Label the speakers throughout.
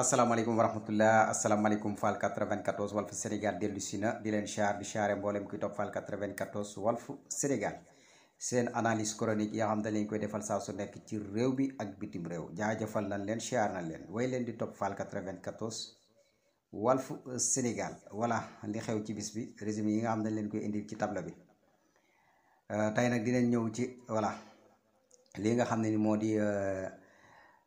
Speaker 1: asalaamaaleykum warahmatullah asalaamaaleykum Fall 94 Walf Sénégal dellu si na di leen char di chare mboolem kuy topp Fall 94 Walf Sénégal seen analyse chronique yoo xam ne leen koy defal saa su nekk ci réew bi ak bitim réew jaajëfal nañ leen char nañ leen way leen di topp Fall 94 Walf Sénégal voilà li xew ci bis bi résumé yi nga xam dañ leen koy indil ci table bi euh, tey nag dinañ ñëw ci voilà li nga xam ne ni moo di euh,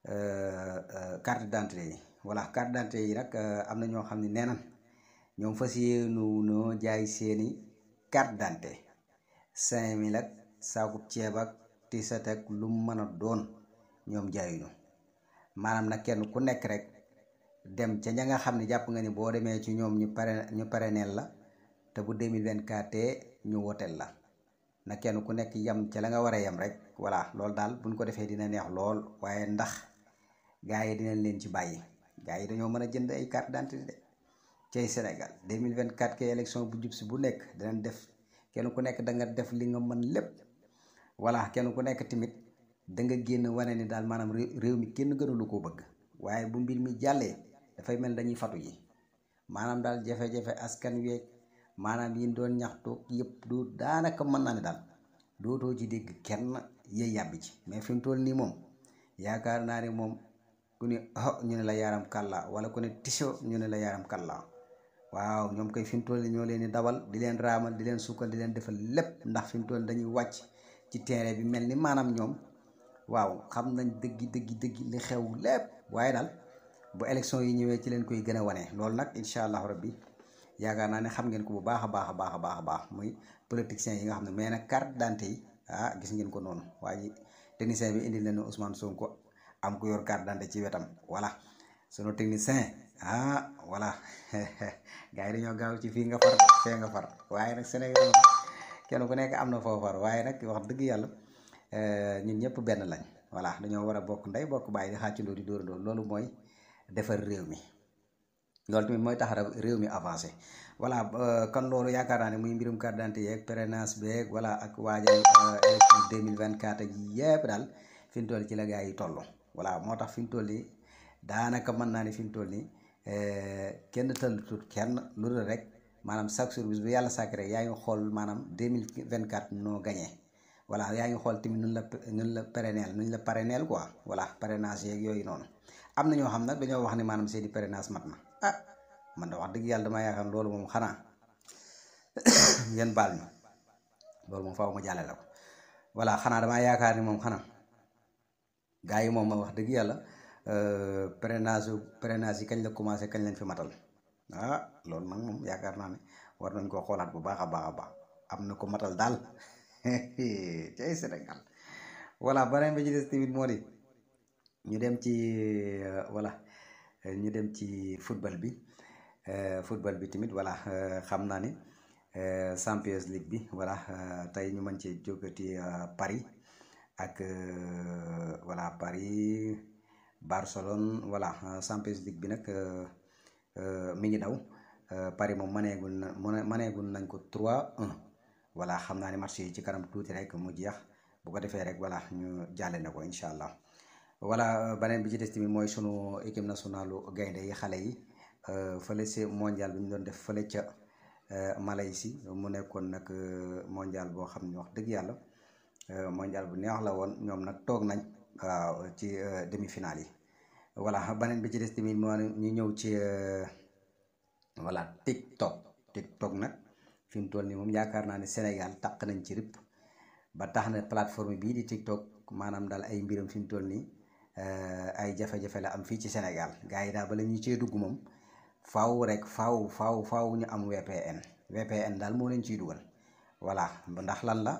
Speaker 1: euh, carte d'identité yi voilà carte d'identité yi nag euh, am na ñoo xam ne nee nañ ñoom fa yéenu noo jaay seeni carte d'identité cinq mille ak saakub ceeb ak tisat ak lu mu mën a doon ñoom jaayuñu maanaam nag kenn ku nekk rek dem ca ña nga xam ne jàpp nga ni boo demee ci ñoom ñu pare ñu pare neel la te bu vingt 2024 ñu woteel la na kenn ku nekk yem ca la nga war a yem rek voilà loolu daal buñ ko defee dina neex lool waaye ndax gaa yi dinañ leen ci bàyyi. gars yi dañoo mën a jënd ay carte d'identité de cay Sénégal 2024 kay élection bu jub bu nekk dana def kenn ku nekk da nga def li nga mën lépp voilà kenn ku nekk tamit da nga génn wane ni daal maanaam réew mi kenn gënalu koo bëgg waaye bu mbir mi jàllee dafay mel dañuy fatu yi maanaam daal jafe-jafe askan weeg maanaam yi doon ñaxtu yëpp du daanaka mën na ne daal dootoo ci dégg kenn yee yàbbi ci mais fi toll nii moom yaakaar naa ne moom. ku ne ah ñu ne la yaaram kàlla wala ku ne tiso ñu ne la yaaram kàlla waaw ñoom koy fi mu ñoo leen di dawal di leen raamal di leen sukkal di leen defal lépp ndax fi mu toll dañuy wàcc ci terrain bi mel ni maanaam ñoom waaw xam nañ dëgg dëgg dëgg li xew lépp waaye daal bu élection yi ñëwee ci leen koy gën a wane loolu nag incha allahu rabbi yaakaar naa ne xam ngeen ko bu baax a baax a baax a baax a baax muy politiciens yi nga xam ne mais nag carte d'identité yi ah, gis ngeen ko noonu waa am ku yor carte d'identité ci wetam voilà sunu technicien ah voilà gars yi dañoo gaaw ci fii nga far fee nga far waaye nag Sénégal kenn ku nekk am na foo far waaye nag wax dëgg yàlla eh, ñun ñëpp benn lañ voilà dañoo war a bokk nday bokk bàyyi di xàccandoo di dóorandoo loolu mooy defar réew mi loolu tamit mooy tax réew mi avancé voilà euh, kon loolu yaakaar naa ne muy mbirum carte d'identité yeeg prénance beeg voilà ak waajal euh, élection 2024 ak yépp daal fi mu toll ci la gaa yi toll. voilà moo tax fi mu toll nii daanaka mën naa ni fi mu toll nii eh, kenn tëllatut kenn lu de rek maanaam chaque jour bi yàlla sàkk rek yaa ngi xool maanaam deux mille vingt quatre noo gagné voilà yaa ngi xool tamit nu la nu la parrainel nu la parrainel quoi voilà parrainage yeeg yooyu noonu am na ñoo xam nag dañoo wax ne maanaam seeni parrainage mat na ah man da wax dëgg yàlla damaa yaakaar loolu moom xanaa ngeen baal ñu loolu moom faaw la ko voilà xanaa damaa yaakaar ni moom xanaa. gaa yi moom wax dëgg yàlla euh, parrainage parrainage yi kañ la commencé kañ lañ fi matal ah loolu nag moom yaakaar naa ne war nañ koo xoolaat bu baax a baax a baax am na ko matal daal cay Sénégal voilà beneen bi ci des tamit moo di ñu dem ci walla euh, ñu dem ci football bi euh, football bi tamit voilà xam naa ne Champions League bi voilà tey ñu mën cee jógati Paris. ak euh, voilà Paris Barcelone voilà Champions League bi nag euh, euh, mi ngi daw Paris moom maneegul na maneegul nañ ko 3-1 xam naa ne match yi ci kanam tuuti rek mu jeex bu ko defee rek voilà ñu jàlle na ko incha allah voilà beneen bi ci des tamit mooy sunu équipe nationalu gaynde yi xale yi fële ci mondial bi ñu doon def fële ca Malaisie mu nekkoon nag mondial boo xam ne wax dëgg yàlla. Euh, mondial bu neex la woon ñoom nag toog nañ waaw ci euh, demi-finale yi voilà beneen bi ci des tamit moo ñu ñëw ci euh, voilà TikTok TikTok nag fi mu toll nii moom yaakaar naa ne Sénégal taq nañ ci rip ba tax na plateforme bii di TikTok maanaam daal ay mbiram fi tol toll nii ay jafe-jafe la am fii ci Sénégal gars yi daal bala ñu cee dugg moom faw rek faw faw faw ñu am VPN VPN daal moo leen ciy dugal voilà ndax lan la.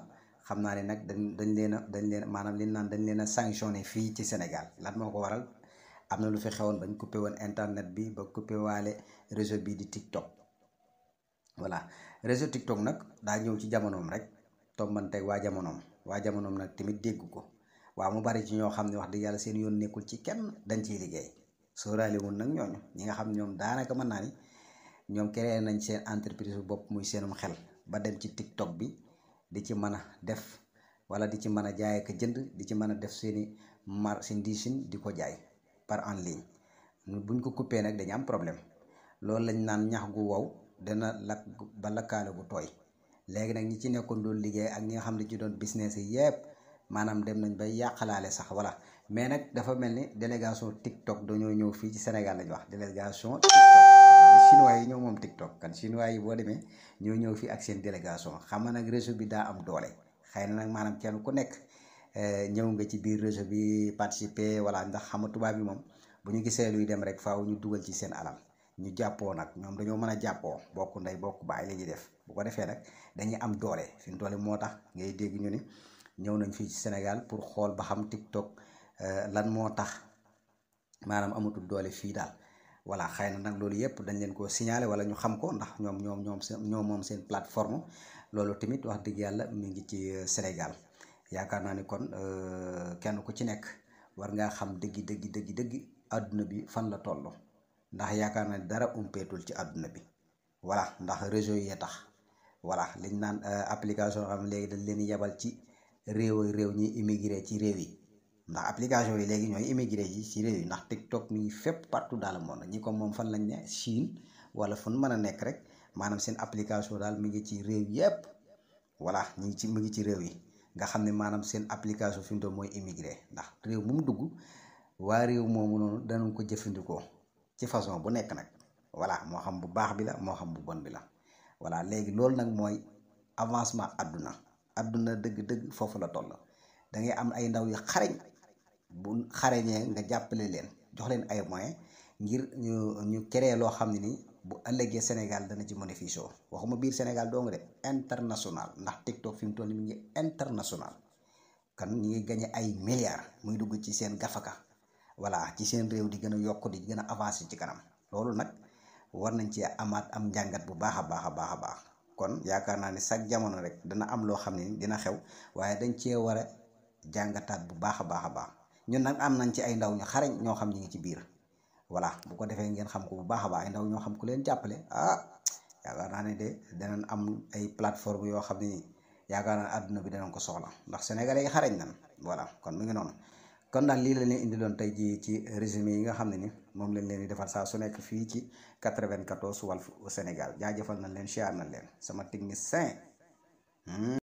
Speaker 1: xam naa ne nag dañ dañ leen a dañ leen a maanaam li naan dañ leen a sanctionné fii ci Sénégal lan moo ko waral am na lu fi xewoon bañ coupé woon internet bi ba coupé waale réseau bii di TikTok voilà réseau TikTok nag daa ñëw ci jamonoom rek tombante waa jamonoom waa jamonoom nag tamit dégg ko waaw mu bari ci ñoo xam ne wax dëgg yàlla seen yoon nekkul ci kenn dañ ci liggéey sóoraale woon nag ñooñu ñi nga xam ñoom daanaka mën naa ni ñoom créé nañ seen entreprise bu bopp muy seenum xel ba dem ci TikTok bi. di ci mën a def wala di ci mën a jaay ak jënd di ci mën a def seeni marchandise di ko jaay par en ligne buñ ko coupé nag dañu am problème loolu lañ naan ñax gu wow dana lakk ba lakkaale gu tooy léegi nag ñi ci nekkoon doon liggéey ak ñi nga xam ne ci doon business yi yëpp maanaam dem nañ ba yàqalaale sax wala mais nag dafa mel ni délégation TikTok dañoo ñëw fii ci Sénégal lañu wax délégation TikTok ñëw yi ñoo moom TikTok kan chinois yi boo demee ñoo ñëw fii ak seen délégation xam nga nag réseau bi daa am doole xëy na nag maanaam kenn ku nekk eh, ñëw nga ci biir réseau bi participer wala ndax xam tubaab bi moom bu ñu gisee luy dem rek faaw ñu dugal ci seen alal ñu jàppoo nag ñoom dañoo mën a jàppoo bokk ndey bokk baay la ñuy def bu ko defee nag dañuy am doole suñu doole moo tax ngay ñu ni ñëw nañ fii ci Sénégal pour xool ba xam TikTok. Euh, lan moo tax maanaam amatul doole fii daal voilà xëy na nag loolu yëpp dañ leen ko signaler wala ñu xam ko ndax ñoom ñoom ñoom seen ñoom moom seen plateforme loolu tamit wax dëgg yàlla mu ngi ci euh, Sénégal yaakaar naa ni kon euh, kenn ku ci nekk war ngaa xam dëgg dëgg dëgg dëgg àdduna bi fan la toll ndax yaakaar naa ni dara umpeetul ci àdduna bi voilà ndax réseau yee tax voilà liñ naan application am léegi dañ leen yebal ci réew réew ñi immigré ci réew yi ndax application yi léegi ñooy immigré yi ci réew yi ndax TikTok mi ngi fépp partout dans le monde ñi ko moom fan lañ ne Chine wala fu nu mën a nekk rek maanaam seen application daal mi ngi ci réew yépp voilà ñu ngi ci mi ngi ci réew yi nga xam ne maanaam seen application fi mu mooy immigré ndax réew mu mu dugg waa réew moomu noonu danañ ko jëfandikoo ci façon bu nekk nag voilà moo xam bu baax bi la moo xam bu bon bi la voilà léegi loolu nag mooy avancement adduna adduna dëgg-dëgg foofu la toll da am ay ndaw yu xarañ. bu xarañee nga jàppale leen jox leen ay moyen ngir ñu ñu créer loo xam ne ni bu ëllëgee Sénégal dana ci bénéfice waxuma biir Sénégal doomu nga de international ndax TikTok fi mu toll nii mu ngi international kon ñu ngi gañe ay milliards muy dugg ci seen gafaka voilà ci seen réew di gën a yokk di gën a avancé ci kanam loolu nag war nañ ci amaat am njàngat bu baax a baax a baax a baax kon yaakaar naa ne chaque jamono rek dana am loo xam ne dina xew waaye dañ cee war a jàngataat bu baax a baax a baax. ñun nag am nañ ci ay ndaw ñu xarañ ñoo xam ñi ngi ci biir voilà bu ko defee ngeen xam ko bu baax a baax ay ndaw ñoo xam ku leen jàppale ah yaakaar ne de danañ am ay plateforme yoo xam ne nii yaakaar naa àdduna bi danañ ko soxla ndax sénégalais yi xarañ nan voilà kon mu ngi noonu kon daal lii la indi loon tey jii ci résumé yi nga xam ne ni moom lañ leen di defal saa su nekk fii ci 94 Walf Sénégal jaajëfal nañ leen siyaar nañ leen sama technicien hmm?